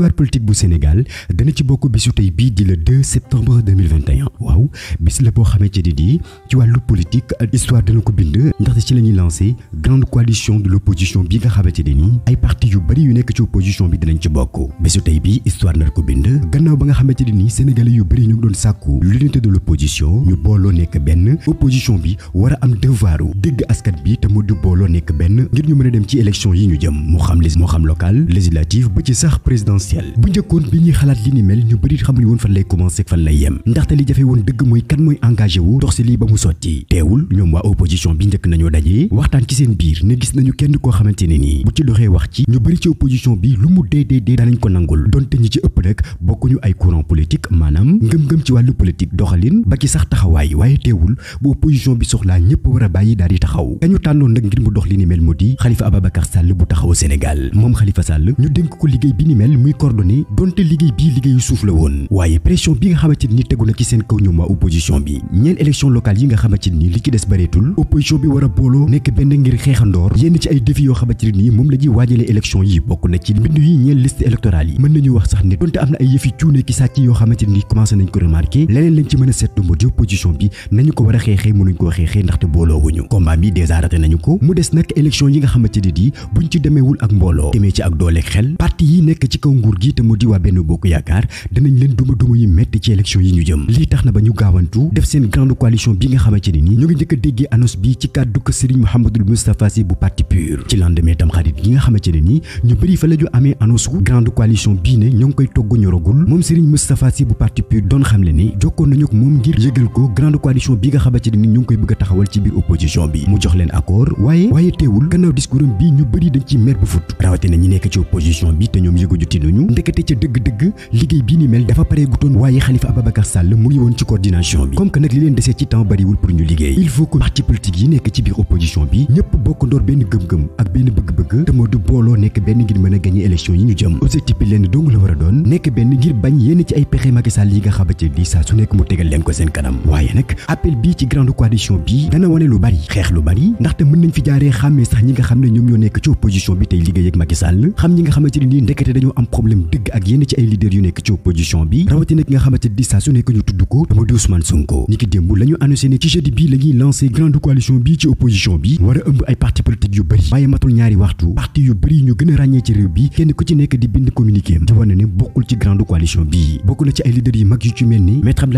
histoire politique bu Sénégal dana ci bokk bisu tey bii di le septembre waaw bis la boo xamante ne nii ci wàllu politique histoire dana ko bind ndaxte ci la ñuy grande coalition de l' bi nga xamante ne nii ay parti yu bëri yu nekk ci opposition bi dinañ ci bokk bisu tey bii histoire nar ko bind gannaaw ba nga xamante ne nii sénégalais yu bëri ñu doon sàkku l'unité de l' ñu booloo nekk benn opposition bi war a am devoiru dégg askan bi te yi ñu jëm artificielle bu njëkkoon bi ñuy xalaat li ni mel ñu bëri xamuñu woon fan lay commencé fan lay yem ndaxte li jafe woon dëgg mooy kan mooy engagé wu dox si lii ba mu sotti teewul ñoom waa opposition bi njëkk nañoo dajee waxtaan ci seen biir ne gis nañu kenn koo xamante ne nii bu ci doxee wax ci ñu bëri ci opposition bi lu mu dee dee dee daanañ ko nangul donte ñi ci ëpp nag bokkuñu ay courant politique maanaam ngëm-ngëm ci wàllu politique doxalin ba ci sax taxawaay waaye teewul bu opposition bi ñëpp war a bàyyi daal di taxaw dañu tànnoon nag ngir mu dox li ni mel mu di Khalifa Ababacar Sall bu taxaw Sall ñu dénk ko liggéey bi ni mel d'accord donte liggéey bii liggéeyu suuf la woon waaye pression bi nga xamante ni tegu na ci seen kaw ñoom waa opposition bi ñeen élection locale yi nga xamante ni li ci des bareetul opposition bi war booloo nekk benn ngir xeexandoor yenn ci ay défi yoo xamante ni moom la ñuy waajalee élection yi bokk na ci mbindu yi ñeen liste électorale yi mën nañu wax sax ne donte am na ay yëfi cuune ki sàcc yoo xamante ni commencé nañ ko remarqué leneen lañ nguur gi te mu waa benn bokk yaakaar danañ leen duma duma yu metti ci élection yi ñu jëm lii tax na ba ñu gaawantu def seen grande coalition bi nga xamante ne nii ñu ngi fa la amee annonce grande coalition bii ne ñoo koy togg ñoragul moom Serigne Moustapha Sy bu parti pur doon xamle ni jokkoon nañu ak moom ngir yëgal ko grande coalition bi nga xamante ne nii ñu koy bëgg taxawal ci biir opposition bi mu jox leen accord waaye teewul gannaaw discours nañu ndekete ca dëgg-dëgg liggéey bii ni mel dafa paree gutoon waaye Khalifa Ababacar Sall mu ngi woon ci coordination bi comme nag li leen desee ci temps bariwul pour ñu liggéey il faut que parti politique yi nekk ci biir opposition bi ñëpp bokk benn gëm-gëm ak benn bëgg-bëgg te moo du booloo nekk benn ngir bañ yenn ci ay pexe Macky yi nga xabate di saa su nekk mu tegal leen ko seen kanam waaye nag appel bii ci grande coalition bi dana wane problème dëgg ak yenn ci ay leader yu nekk ci opposition bi rawatina ki nga xamante di saa su nekk tudd ko dama di Ousmane Sonko démb la ñu annoncé ci jeudi bi la ñuy grande coalition bi ci opposition bi war a ëmb ay parti politique yu bëri waaye matul ñaari waxtu parti yu bëri ñu gën ràññee ci réew bi kenn ku ci nekk di bind communiqué am di wane ne bokkul ci grande coalition bi bokk na ci ay leader yu mag yu ci mel ni maître xam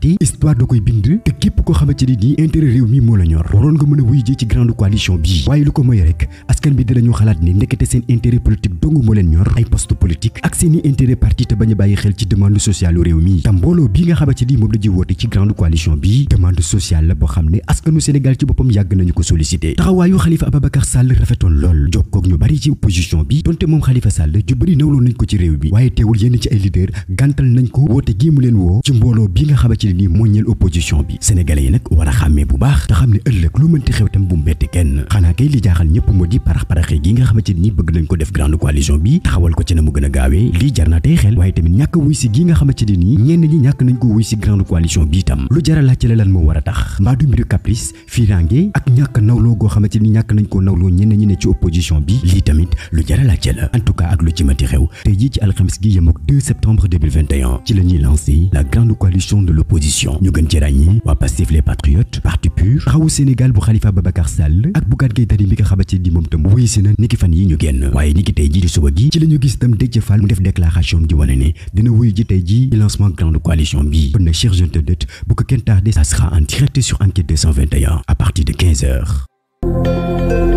ne histoire da koy bind te képp koo xamante ni nii intérêt réew mi moo la ñor waroon nga mën wuy jee ci grande coalition bii waaye lu ko mooy rek askan bi dinañu xalaat ne ndekete seen intérêt politique dong moo leen ñor ay poste politique ak seeni intérêt parti te bañ a bàyyi xel ci demande sociale réew mi te mbooloo bii nga xamante ni moom la woote ci grande coalition bii demande sociale la boo xam ne askanu Sénégal ci boppam yàgg nañu ko sollicité ñeel opposition bi sénégalais yi nag war a xàmmee bu baax te xam ne ëllëg lu mënti xew tam bu mbetti kenn xanaa kay li jaaxal ñëpp moo di parax-paraxee gi nga xamante ni bëgg nañ ko def grande coalition bi taxawal ko ci na mu gën a gaawee lii jar na tey xel waaye tamit ñàkk wuy gi nga xamante ni nii ñenn ñi ñàkk nañ ko wuy si grande coalition bi a laaj ci la goo xamante ni ñàkk nañ ko nawloo ñenn ñi ne ci opposition bi lii tamit lu jar a laaj ci la en tout cas ak lu ci mënti xew tey jii ci alxamis gi yem septembre ci la ñuy la grande ñu gën ci ràññi waa Pastef les Patriotes Parti Pur Taxawu Sénégal bu Khalifa Babacar Sall ak Bougane Gueye Dany bi nga xamante ni moom tam wuyu na ni fan yi ñu génn waaye ni ki ji di suba gi ci la gis itam Déthié mu def déclaration di wane ne dina wuyu ji tey ji lancement grande coalition bi kon na chers internautes bu ko kenn tardé ça sera en direct sur Enquête à partir de heures